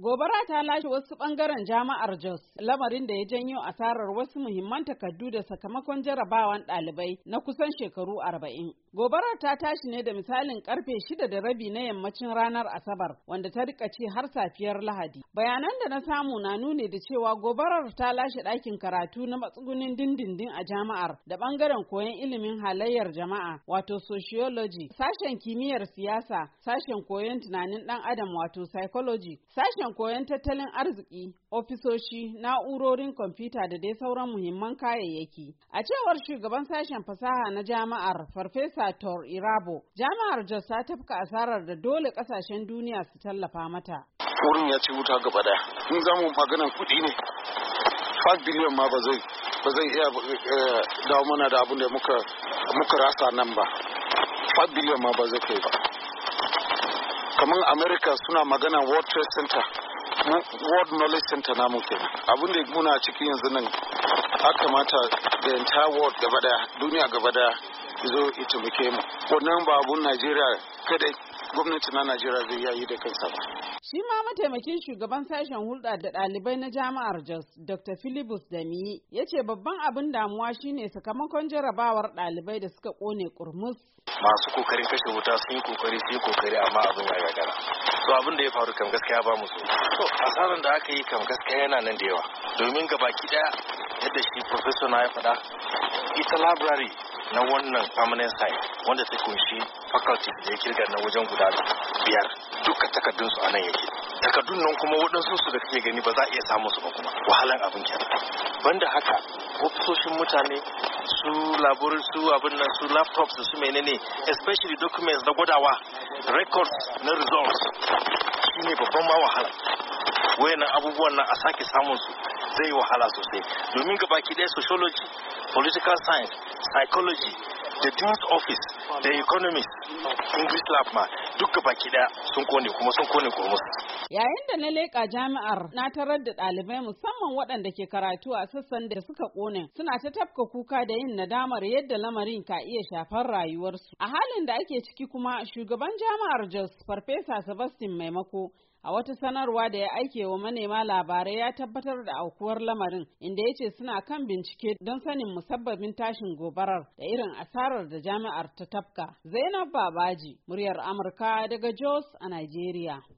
Gobara ta lashe wasu ɓangaren jama'ar Jos, lamarin da ya janyo asarar wasu muhimman takardu da sakamakon jarabawan ɗalibai na kusan shekaru arba'in. Gobarar ta tashi ne da misalin karfe shida da rabi na yammacin ranar Asabar wanda ta rika ce har safiyar Lahadi. Bayanan da na samu na nune da cewa gobarar ta lashe ɗakin karatu na matsugunin dindindin a jama'ar da ɓangaren koyon ilimin halayyar jama'a wato sociology, sashen kimiyyar siyasa, sashen koyon tunanin ɗan adam wato psychology, sashen koyon tattalin arziki, ofisoshi, na'urorin kwamfuta da dai sauran muhimman kayayyaki. A cewar shugaban sashen fasaha na jama'ar Farfesa Farfesa Tor Irabo, jami'ar Jos ta tafka asarar da dole kasashen duniya su tallafa mata. Wurin ya ce wuta gaba daya. In za mu maganan kuɗi ne, 5 biliyan ma ba zai ba zai iya eh, dawo mana da abin da muka muka rasa nan ba. 5 biliyan ma ba zai kai ba. Kamar Amerika suna magana World Trade Center, World Knowledge Center na muke. Abin da muna ciki yanzu nan a kamata da entire world gaba ɗaya, duniya gaba ɗaya. zo ita muke mu wannan ba abun najeriya kadai gwamnati na najeriya zai yayi da kansa ba shi ma mataimakin shugaban sashen hulɗa da ɗalibai na jami'ar jos dr philibus dami ya ce babban abin damuwa shine sakamakon jarabawar ɗalibai da suka ƙone kurmus masu kokarin kashe wuta sun yi kokari sun yi kokari amma abin ya gagara to abin da ya faru kam gaskiya ba mu so to asarar da aka yi kam gaskiya yana nan da yawa domin gabaki daya yadda shi professor na ya faɗa ita library na wannan permanent site wanda ta kunshi faculty da ya kirga na wajen guda biyar duka takardun su anan yake takardun nan kuma waɗansu su da kake gani ba za a iya samun su ba kuma wahalan abin kenan banda haka ofisoshin mutane su laborin su abin nan su laptops da su menene especially documents na gwadawa records na results shine babban ma wahala wayannan abubuwan na a sake samun su zai wahala sosai domin ga baki sociology political science psychology da dean's office da economist english lab ma duk ga baki sun kone kuma sun kone kuma yayin da na leƙa jami'ar na tarar da ɗalibai musamman waɗanda ke karatu a sassan da suka kone suna ta tafka kuka da yin nadamar yadda lamarin ka iya shafar rayuwarsu a halin da ake ciki kuma shugaban jami'ar jos farfesa sebastian maimako A wata sanarwa da ya aike wa manema labarai ya tabbatar da aukuwar lamarin inda ya ce suna kan bincike don sanin musabbabin tashin gobarar da irin asarar da jami'ar ta tafka. Zainab Babaji, muryar Amurka daga Jos a Najeriya.